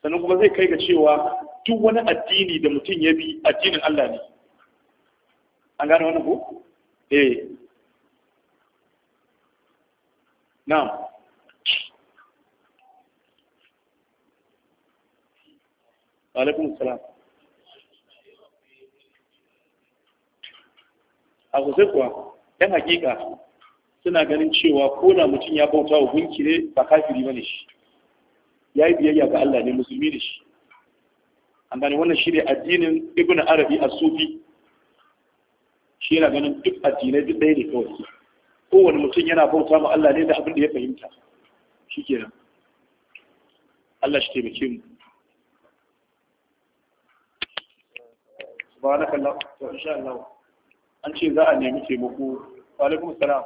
sannan kuma zai kai ga cewa duk wani addini da mutum ya bi addinin Allah ne an gane wannan ku? eh na alaikun salam a kusa kuwa yan hakika suna ganin cewa ko na mutum ya bauta wa gunki ne ba kafiri ba ne shi ya yi biyayya ga Allah ne musulmi ne shi an gane wannan shi ne addinin ibn arabi a sufi shi yana ganin duk addinai duk ɗaya ne kawai kowane mutum yana bauta ma Allah ne da abin da ya fahimta shi ke nan Allah shi taimake mu na kalla to insha Allah an ce za a nemi taimako wa alaikum salam